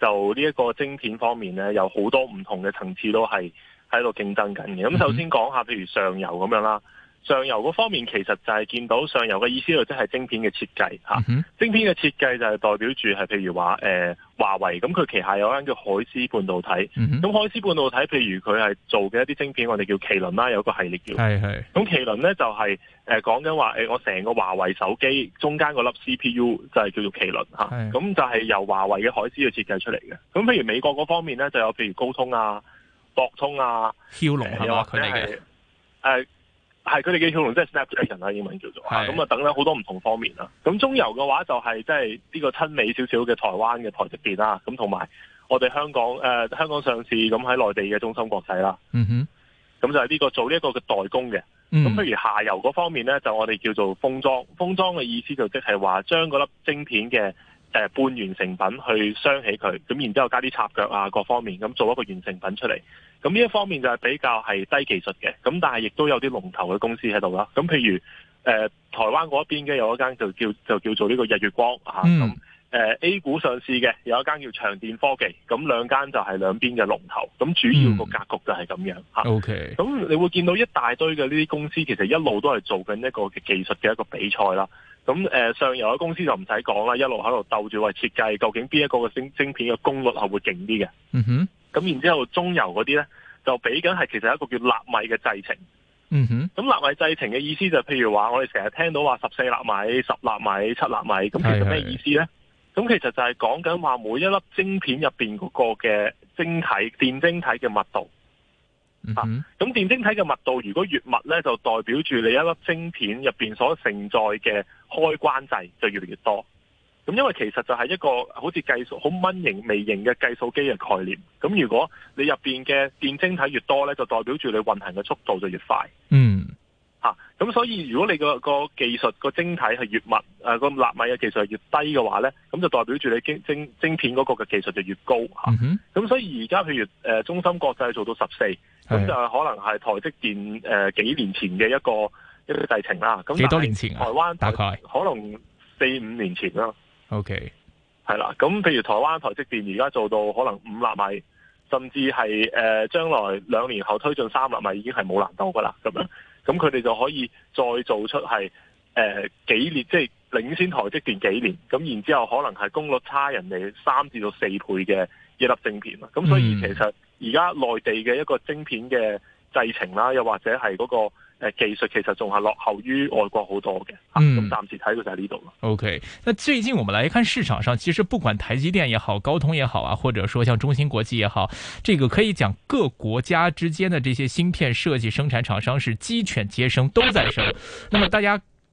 就呢一個晶片方面咧，有好多唔同嘅層次都係喺度競爭緊嘅。咁首先講下，譬如上游咁樣啦。上游嗰方面，其實就係見到上游嘅意思就即係晶片嘅設計嚇。嗯、哼晶片嘅設計就係代表住係譬如話誒、呃、華為咁，佢旗下有間叫海思半導體。咁、嗯、哼海思半導體，譬如佢係做嘅一啲晶片，我哋叫麒麟啦，有個系列叫係係。咁是麒麟咧就係誒講緊話誒，我成個華為手機中間嗰粒 CPU 就係叫做麒麟嚇。咁是、啊、就係由華為嘅海思去設計出嚟嘅。咁譬如美國嗰方面咧，就有譬如高通啊、博通啊、驍龍係嘛，佢哋嘅誒。呃係佢哋嘅驍龍，即係 Snapdragon 啦，英文叫做咁啊，的那就等等好多唔同方面啦。咁中游嘅話就係即係呢個親美少少嘅台灣嘅台積電啦。咁同埋我哋香港，誒、呃、香港上市，咁喺內地嘅中芯國際啦。嗯哼。咁就係呢、這個做呢一個嘅代工嘅。咁、嗯、譬如下游嗰方面咧，就我哋叫做封裝。封裝嘅意思就即係話將嗰粒晶片嘅。半完成品去鑲起佢，咁然之後加啲插腳啊，各方面咁做一個完成品出嚟。咁呢一方面就係比較係低技術嘅，咁但係亦都有啲龍頭嘅公司喺度啦。咁譬如誒、呃、台灣嗰邊嘅有一間就叫就叫做呢個日月光咁。嗯誒、uh，A 股上市嘅有一間叫長電科技，咁兩間就係兩邊嘅龍頭，咁主要個格局就係咁樣吓。OK. 咁你會見到一大堆嘅呢啲公司，其實一路都係做緊一個技術嘅一個比賽啦。咁誒、呃，上游嘅公司就唔使講啦，一路喺度鬥住話設計，究竟邊一個嘅晶、晶片嘅功率係會勁啲嘅。咁、mm hmm. 然之後中游嗰啲呢，就比緊係其實一個叫納米嘅製程。咁納、mm hmm. 米製程嘅意思就是、譬如話，我哋成日聽到話十四納米、十納米、七納米，咁其實咩意思呢？Mm hmm. 嗯咁其實就係講緊話每一粒晶片入邊嗰個嘅晶體電晶體嘅密度咁、嗯哼啊、電晶體嘅密度如果越密呢，就代表住你一粒晶片入邊所承載嘅開關掣就越嚟越多。咁因為其實就係一個好似計數好蚊型微型嘅計數機嘅概念。咁如果你入邊嘅電晶體越多呢，就代表住你運行嘅速度就越快。嗯。吓，咁、啊、所以如果你個個技術個晶體係越密，誒個納米嘅技術係越低嘅話咧，咁就代表住你晶晶晶片嗰個嘅技術就越高吓。咁、啊嗯、哼所以而家譬如誒中芯國際做到十四的，咁就可能係台積電誒、呃、幾年前嘅一個一個製程啊。幾多年前台灣大概，大概可能四五年前啦。OK，係啦。咁譬如台灣台積電而家做到可能五納米，甚至係誒將來兩年後推進三納米已經係冇難度噶啦咁樣。咁佢哋就可以再做出係誒、呃、幾年，即、就、係、是、領先台積電幾年，咁然之後可能係功率差人哋三至到四倍嘅一粒芯片咯。咁所以其實而家內地嘅一個晶片嘅製程啦，又或者係嗰、那個。技術其實仲係落後於外國好多嘅，咁暫時睇到就係呢度啦。OK，那最近我們來看市場上，其實不管台積電也好，高通也好啊，或者說像中芯國際也好，這個可以講各國家之間的這些芯片設計生產廠商是雞犬皆升，都在升。那麼大家。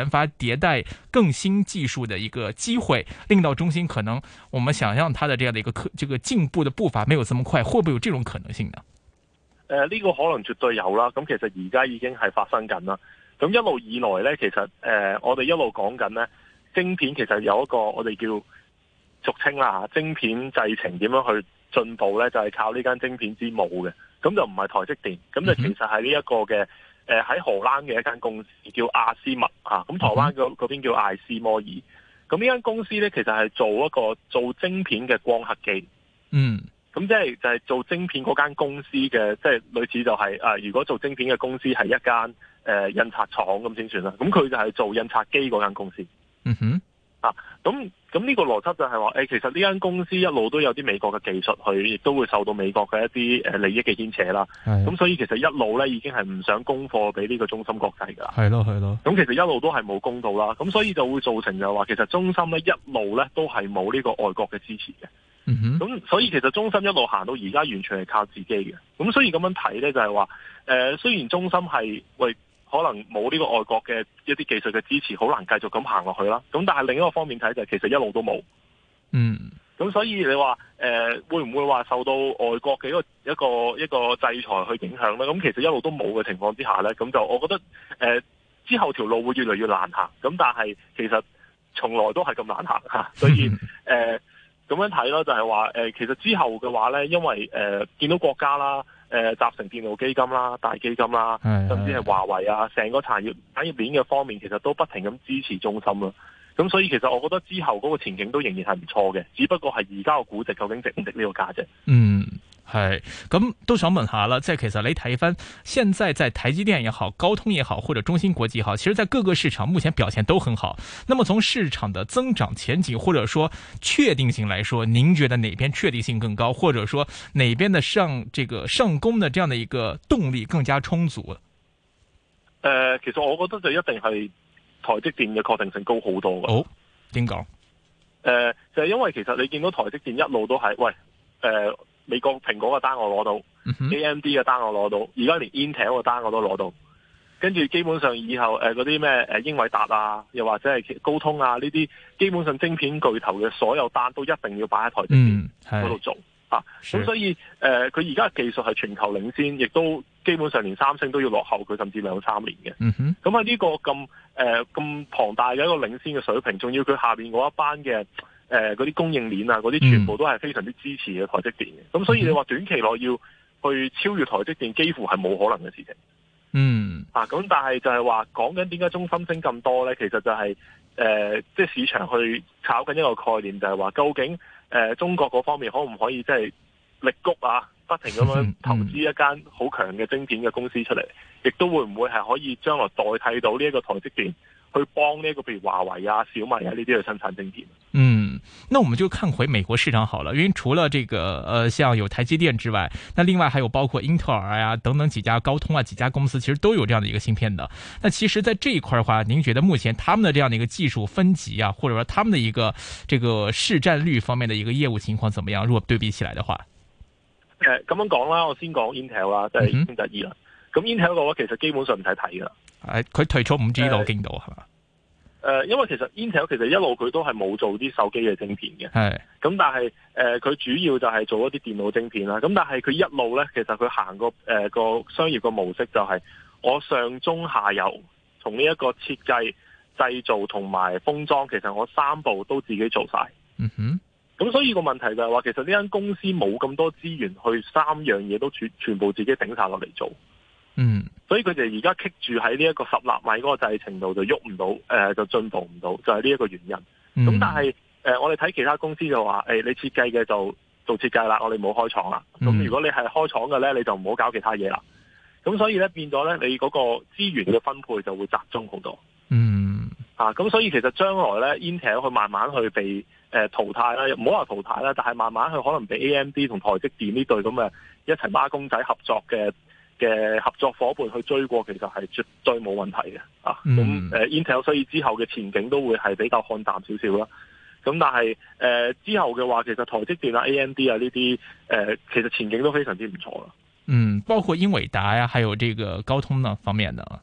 研發迭代、更新技術的一個機會，令到中芯可能，我們想象它的這樣的一個可這個進步的步伐沒有這麼快，會不會有這種可能性呢？誒、呃，呢、這個可能絕對有啦。咁其實而家已經係發生緊啦。咁一路以來咧，其實誒、呃，我哋一路講緊咧，晶片其實有一個我哋叫俗稱啦吓，晶片製程點樣去進步咧，就係、是、靠呢間晶片之母嘅，咁就唔係台積電，咁就其實係呢一個嘅。嗯誒喺、呃、荷蘭嘅一間公司叫阿斯麥，嚇、啊，咁台灣嗰邊叫艾斯摩爾。咁呢間公司咧，其實係做一個做晶片嘅光刻機。嗯，咁即係就係、是、做晶片嗰間公司嘅，即係類似就係、是、誒、啊，如果做晶片嘅公司係一間誒、呃、印刷廠咁先算啦。咁佢就係做印刷機嗰間公司。嗯哼。啊，咁咁呢個邏輯就係話，誒、欸，其實呢間公司一路都有啲美國嘅技術，佢亦都會受到美國嘅一啲誒、呃、利益嘅牽扯啦。咁是的 所以其實一路咧已經係唔想供貨俾呢個中芯國際噶啦。係咯，係咯。咁其實一路都係冇供到啦。咁所以就會造成就話，其實中芯咧一路咧都係冇呢個外國嘅支持嘅。咁、嗯、哼所以其實中芯一路行到而家完全係靠自己嘅。咁所以咁樣睇咧就係話，誒、呃，雖然中芯係為可能冇呢個外國嘅一啲技術嘅支持，好難繼續咁行落去啦。咁但係另一個方面睇就係、是，其實一路都冇。嗯。咁所以你話誒、呃、會唔會話受到外國嘅一個一個一個制裁去影響咧？咁其實一路都冇嘅情況之下咧，咁就我覺得誒、呃、之後條路會越嚟越難行。咁但係其實從來都係咁難行嚇。所以誒咁、 呃、樣睇囉，就係話其實之後嘅話咧，因為誒、呃、見到國家啦。誒、呃，集成電路基金啦，大基金啦，甚至係華為啊，成個產業產業鏈嘅方面，其實都不停咁支持中心啦。咁所以其實我覺得之後嗰個前景都仍然係唔錯嘅，只不過係而家個估值究竟值唔值呢個價值？嗯。係咁都想問下啦，即係其實你睇一番，現在在台積電也好、高通也好或者中芯國際也好，其實，在各個市場目前表現都很好。那麼從市場的增長前景或者說確定性來說，您覺得哪邊確定性更高，或者說哪邊的上這個上攻的這樣的一個動力更加充足？誒、呃，其實我覺得就一定係台積電嘅確定性高好多嘅。哦，點講？誒、呃，就係因為其實你見到台積電一路都係喂，誒、呃。美國蘋果嘅單我攞到、嗯、哼，AMD 嘅單我攞到，而家連 Intel 嘅單我都攞到，跟住基本上以後誒嗰啲咩誒英偉達啊，又或者係高通啊呢啲，基本上晶片巨頭嘅所有單都一定要擺喺台上面嗰度做咁、嗯啊、所以誒，佢而家技術係全球領先，亦都基本上連三星都要落後佢甚至兩三年嘅。咁啊呢個咁誒咁龐大嘅一個領先嘅水平，仲要佢下邊嗰一班嘅。誒，嗰啲、呃、供應鏈啊，嗰啲全部都係非常之支持嘅台積電嘅。咁、嗯、所以你話短期內要去超越台積電，幾乎係冇可能嘅事情。嗯，啊，咁但係就係話講緊點解中芯升咁多呢？其實就係、是、誒、即、呃、係、就是、市場去炒緊一個概念就，就係話究竟誒、呃，中國嗰方面可唔可以即係力谷啊，不停咁樣投資一間好強嘅晶片嘅公司出嚟，亦、嗯嗯、都會唔會係可以將來代替到呢一個台積電去幫、這個，去幫呢一個譬如華為啊、小米啊呢啲去生產晶片？嗯。那我們就看回美國市場好了，因為除了這個呃，像有台積電之外，那另外還有包括英特爾啊等等幾家高通啊幾家公司，其實都有這樣的一個芯片的。那其實，在這一塊的話，您覺得目前他們的這樣的一個技術分級啊，或者說他們的一個這個市占率方面的一個業務情況怎麼樣？如果對比起來的話，誒，咁樣講啦，我先講 Intel 啦，即係英特爾啦。咁 Intel 嘅話，嗯、哼的我其實基本上唔使睇啦。係、哎，佢退出五 G 度、哎，我見到係嘛。誒，因為其實 Intel 其實一路佢都係冇做啲手機嘅晶片嘅，係是，咁但係誒佢主要就係做一啲電腦晶片啦，咁但係佢一路咧，其實佢行過誒、呃、個商業個模式就係我上中下游，同呢一個設計、製造同埋封裝，其實我三步都自己做晒，嗯哼，咁所以個問題就係話，其實呢間公司冇咁多資源去三樣嘢都全全部自己整晒落嚟做。嗯，所以佢哋而家棘住喺呢一個十納米嗰個製程度就喐唔到，誒就進步唔到，就係呢一個原因。咁、嗯、但係誒、呃，我哋睇其他公司就話，誒、欸、你設計嘅就做設計啦，我哋冇開廠啦。咁、嗯、如果你係開廠嘅咧，你就唔好搞其他嘢啦。咁所以咧變咗咧，你嗰個資源嘅分配就會集中好多。嗯，咁、啊、所以其實將來咧 Intel 去慢慢去被誒、呃、淘汰啦，唔好話淘汰啦，但係慢慢去可能被 AMD 同台積電呢對咁嘅一齊孖公仔合作嘅。嘅合作伙伴去追過，其實係絕對冇問題嘅啊。咁誒、嗯、，Intel 所以之後嘅前景都會係比較看淡少少啦。咁但係誒、呃、之後嘅話，其實台積電啊、AMD 啊呢啲誒，其實前景都非常之唔錯啦。嗯，包括英偉達啊，還有這個高通呢方面的。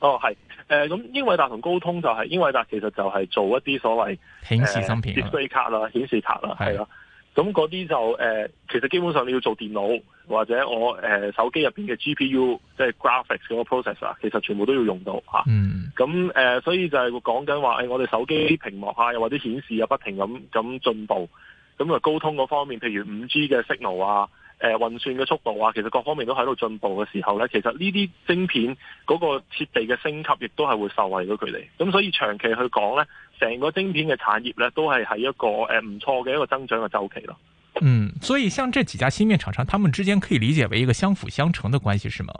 哦，係誒，咁、呃嗯、英偉達同高通就係、是、英偉達，其實就係做一啲所謂顯示芯片、display 卡啦、顯示卡啦、啊，係咯是。咁嗰啲就誒、呃，其實基本上你要做電腦或者我誒、呃、手機入面嘅 GPU，即係 graphics 嗰個 processor，其實全部都要用到、啊、嗯咁誒、呃，所以就係會講緊話，我哋手機啲屏幕啊，又或者顯示啊，不停咁咁進步。咁、嗯、啊，高通嗰方面，譬如 5G 嘅 signal 啊，誒、呃、運算嘅速度啊，其實各方面都喺度進步嘅時候咧，其實呢啲晶片嗰個設備嘅升級，亦都係會受惠到佢哋。咁所以長期去講咧，成個晶片嘅產業咧，都係喺一個誒唔錯嘅一個增長嘅週期咯。嗯，所以像這幾家芯片廠商，他們之間可以理解為一個相輔相成的關係，是嗎？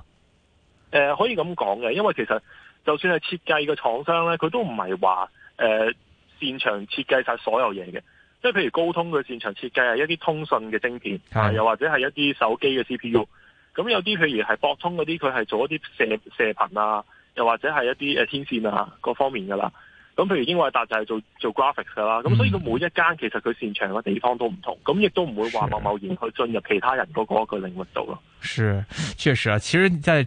誒、呃，可以咁講嘅，因為其實就算係設計嘅廠商咧，佢都唔係話誒擅長設計晒所有嘢嘅，即係譬如高通佢擅長設計係一啲通訊嘅晶片，是的又或者係一啲手機嘅 CPU，嗯。咁有啲譬如係博通嗰啲，佢係做一啲射射頻啊，又或者係一啲誒、呃、天線啊各方面㗎喇。咁譬如英偉達就係做做 graphics 噶啦，咁所以佢每一間其實佢擅長嘅地方都唔同，咁亦都唔會話貿貿然去進入其他人嗰個嘅領域度咯。是，確實啊，其實，你在。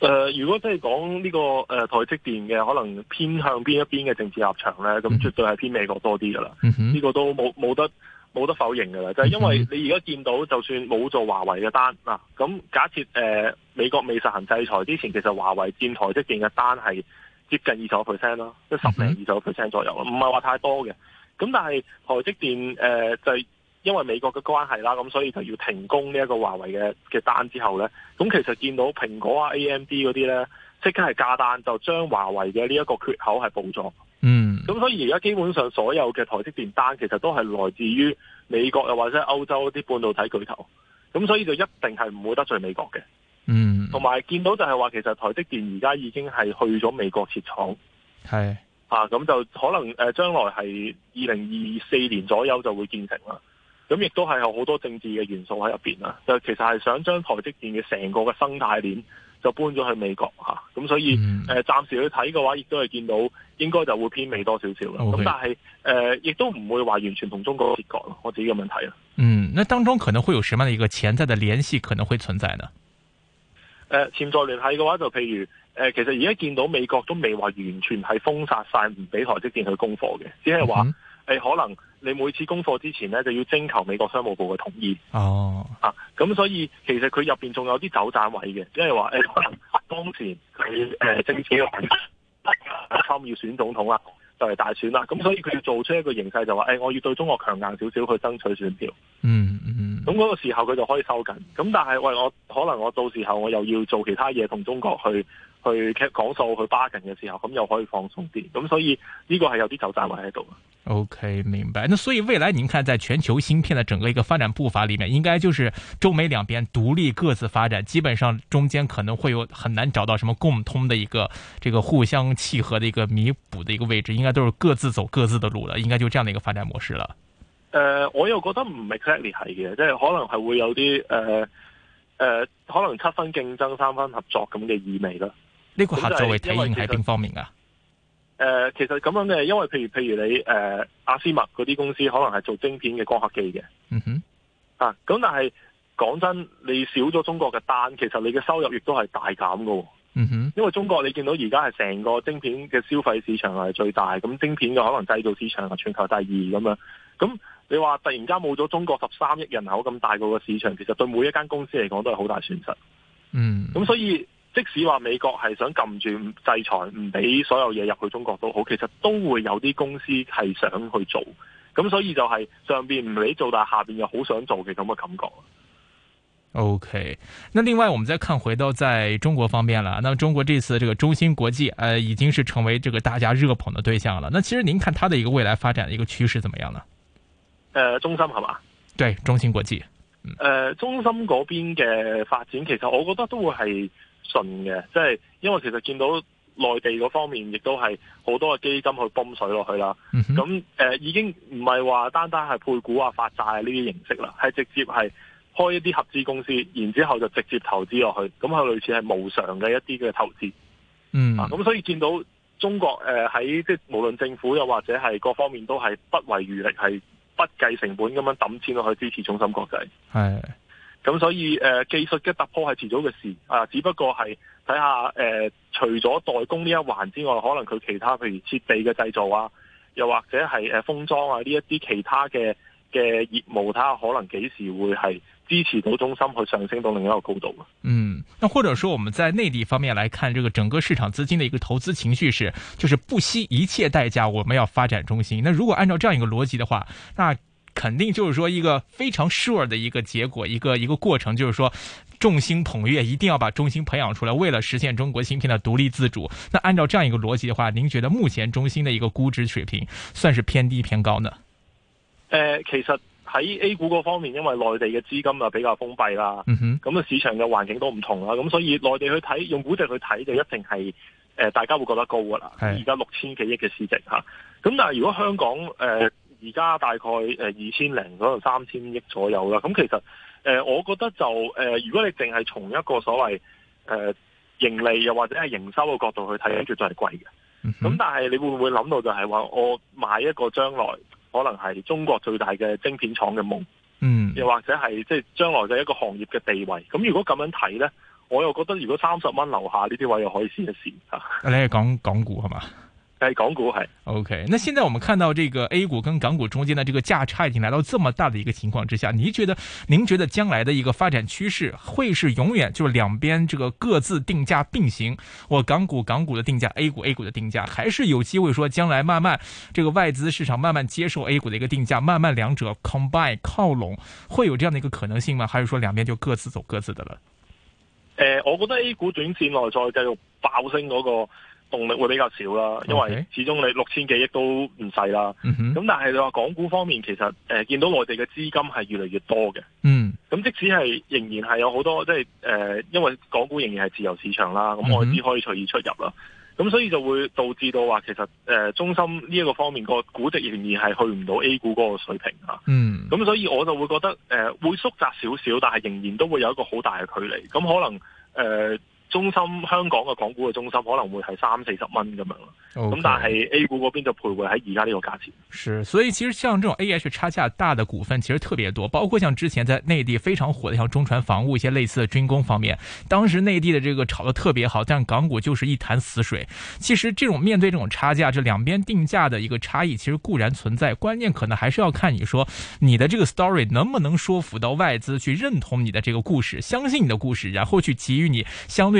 誒、呃，如果即係講呢個誒、呃、台積電嘅，可能偏向邊一邊嘅政治立場咧，咁、嗯、絕對係偏美國多啲噶啦。呢、嗯、哼個都冇冇得冇得否認噶啦，就係、是、因為你而家見到，就算冇做華為嘅單嗱，咁、啊嗯、假設誒、呃、美國未實行制裁之前，其實華為佔台積電嘅單係接近二十個 percent 啦，即十零二十個 percent 左右啦，唔係話太多嘅。咁但係台積電誒、呃、就係、是。因為美國嘅關係啦，咁所以就要停工呢一個華為嘅嘅單之後呢。咁其實見到蘋果啊、AMD 嗰啲呢，即刻係加單，就將華為嘅呢一個缺口係補咗。嗯，咁所以而家基本上所有嘅台積電單，其實都係來自於美國又或者歐洲啲半導體巨頭，咁所以就一定係唔會得罪美國嘅。嗯，同埋見到就係話，其實台積電而家已經係去咗美國設廠。係的啊，咁就可能誒，將、呃、來係二零二四年左右就會建成啦。咁亦都係有好多政治嘅元素喺入邊啦，就其實係想將台積電嘅成個嘅生態鏈就搬咗去美國吓，咁所以誒暫時去睇嘅話，亦都係見到應該就會偏美多少少啦。咁 Okay. 但係誒亦都唔會話完全同中國切割咯，我自己嘅睇啦。嗯，那當中可能會有什麼樣一個潛在的聯繫可能會存在呢？誒，潛在聯繫嘅話就譬如誒，其實而家見到美國都未話完全係封殺晒，唔俾台積電去供貨嘅，只係話誒可能。你每次供貨之前咧，就要徵求美國商務部嘅同意。哦，oh. 啊，咁所以其實佢入面仲有啲走盞位嘅，即係話誒，可、欸、能當前佢誒、欸、政府、啊、要選總統啦，就係、是、大選啦，咁所以佢要做出一個形勢，就話誒我要對中國強硬少少，去爭取選票。嗯嗯嗯。咁、hmm. 嗰個時候佢就可以收緊。咁但係喂，我可能我到時候我又要做其他嘢，同中國去。去其實講數去巴 a 嘅時候，咁又可以放鬆啲，咁所以呢個係有啲走窄位喺度。OK，明白。那所以未來，您看在全球芯片的整個一個發展步伐裡面，應該就是中美兩邊獨立各自發展，基本上中間可能會有很難找到什麼共通的一個、這個互相契合的、一個彌補的一個位置，應該都是各自走各自的路了。應該就這樣的一個發展模式了。呃、我又覺得唔係 clearly 係嘅，即係可能係會有啲、呃呃、可能七分競爭、三分合作咁嘅意味啦。呢顧客作為體驗係邊方面噶？誒、呃，其實咁樣嘅，因為譬如譬如你誒、呃，阿斯麥嗰啲公司可能係做晶片嘅光刻機嘅。嗯哼。啊，咁但係講真，你少咗中國嘅單，其實你嘅收入亦都係大減噶。嗯哼。因為中國你見到而家係成個晶片嘅消費市場係最大，咁晶片嘅可能製造市場係全球第二咁樣。咁你話突然間冇咗中國十三億人口咁大個個市場，其實對每一間公司嚟講都係好大損失。嗯。咁所以。即使話美國係想撳住制裁，唔俾所有嘢入去中國都好，其實都會有啲公司係想去做，咁所以就係上邊唔俾做，但係下邊又好想做嘅咁嘅感覺。OK，那另外我們再看回到在中國方面啦，那中國這次這個中芯國際，誒、呃，已經是成為這個大家熱捧的對象了。那其實您看它的一個未來發展嘅一個趨勢，怎麼樣呢？誒、呃，中芯係咪？對，中芯國際。誒、嗯呃，中芯嗰邊嘅發展，其實我覺得都會係。信嘅，即係因為其實見到內地嗰方面亦都係好多嘅基金去泵水落去啦。咁誒、嗯哼呃、已經唔係話單單係配股啊、發債啊呢啲形式啦，係直接係開一啲合資公司，然之後就直接投資落去。咁係類似係無償嘅一啲嘅投資。嗯。咁、啊、所以見到中國誒喺、呃、即係無論政府又或者係各方面都係不遺餘力，係不計成本咁樣揼錢落去支持中心國際。係。咁所以誒技術嘅突破係遲早嘅事啊，只不過係睇下誒除咗代工呢一環之外，可能佢其他譬如設備嘅製造啊，又或者係誒封裝啊呢一啲其他嘅嘅業務，睇下可能幾時會係支持到中芯去上升到另一個高度。嗯，那或者說我們在內地方面來看，這個整個市場資金的一個投資情緒，是，就是不惜一切代價，我們要發展芯片。那如果按照這樣一個邏輯的話。那。嗯那肯定就是說一個非常 sure 的一個結果，一個一個過程，就是說眾星捧月，一定要把中芯培養出來，為了實現中國芯片的獨立自主。那按照這樣一個邏輯的話，您覺得目前中芯的一個估值水平算是偏低偏高呢？誒、呃，其實喺 A 股嗰方面，因為內地嘅資金啊比較封閉啦，嗯、哼，咁啊市場嘅環境都唔同啦，咁所以內地去睇用估值去睇就一定係誒、呃、大家會覺得高噶啦，係而家六千幾億嘅市值吓，咁但係如果香港誒。呃哦而家大概誒二千零嗰度三千億左右啦，咁其實誒我覺得就誒，如果你淨係從一個所謂誒盈利又或者係營收嘅角度去睇，絕對就係貴嘅。咁、嗯、哼但係你會唔會諗到就係話我買一個將來可能係中國最大嘅晶片廠嘅夢，嗯，又或者係即係將來嘅一個行業嘅地位。咁如果咁樣睇呢，我又覺得如果三十蚊樓下呢啲位又可以試一試吓。你係講講股係嘛？在港股係，OK。那現在我們看到這個 A 股跟港股中間的這個價差已經來到這麼大的一個情況之下，你覺得，您覺得將來的一個發展趨勢會是永遠就是兩邊這個各自定價並行，我港股港股的定價，A 股 A 股的定價，還是有機會說將來慢慢這個外資市場慢慢接受 A 股的一個定價，慢慢兩者 combine 靠攏，會有這樣的一個可能性嗎？還是說兩邊就各自走各自的了？呃，我覺得 A 股短線內再繼續爆升嗰、那個。動力會比較少啦，因為始終你六千幾億都唔細啦。咁、okay. mm hmm. 但係你話港股方面，其實誒、呃、見到內地嘅資金係越嚟越多嘅。嗯、mm。咁、hmm. 即使係仍然係有好多即係誒、呃，因為港股仍然係自由市場啦，咁外資可以隨意出入啦。咁、mm hmm. 所以就會導致到話其實誒、呃，中芯呢一個方面個估值仍然係去唔到 A 股嗰個水平啊。嗯、mm。咁、hmm. 所以我就會覺得誒、呃，會縮窄少少，但係仍然都會有一個好大嘅距離。咁可能誒。呃中心香港嘅港股嘅中心可能會係三四十蚊咁樣咯，咁 Okay. 但係 A 股嗰邊就徘徊喺而家呢個價錢，是，所以其實像這種 A.H. 差價大的股份，其實特別多，包括像之前在內地非常火的，像中船防務一些類似的軍工方面，當時內地的這個炒得特別好，但港股就是一潭死水。其實這種面對這種差價，這兩邊定價的一個差異其實固然存在，關鍵可能還是要看你說你的這個 story 能不能說服到外資去認同你的這個故事，相信你的故事，然後去給予你相對。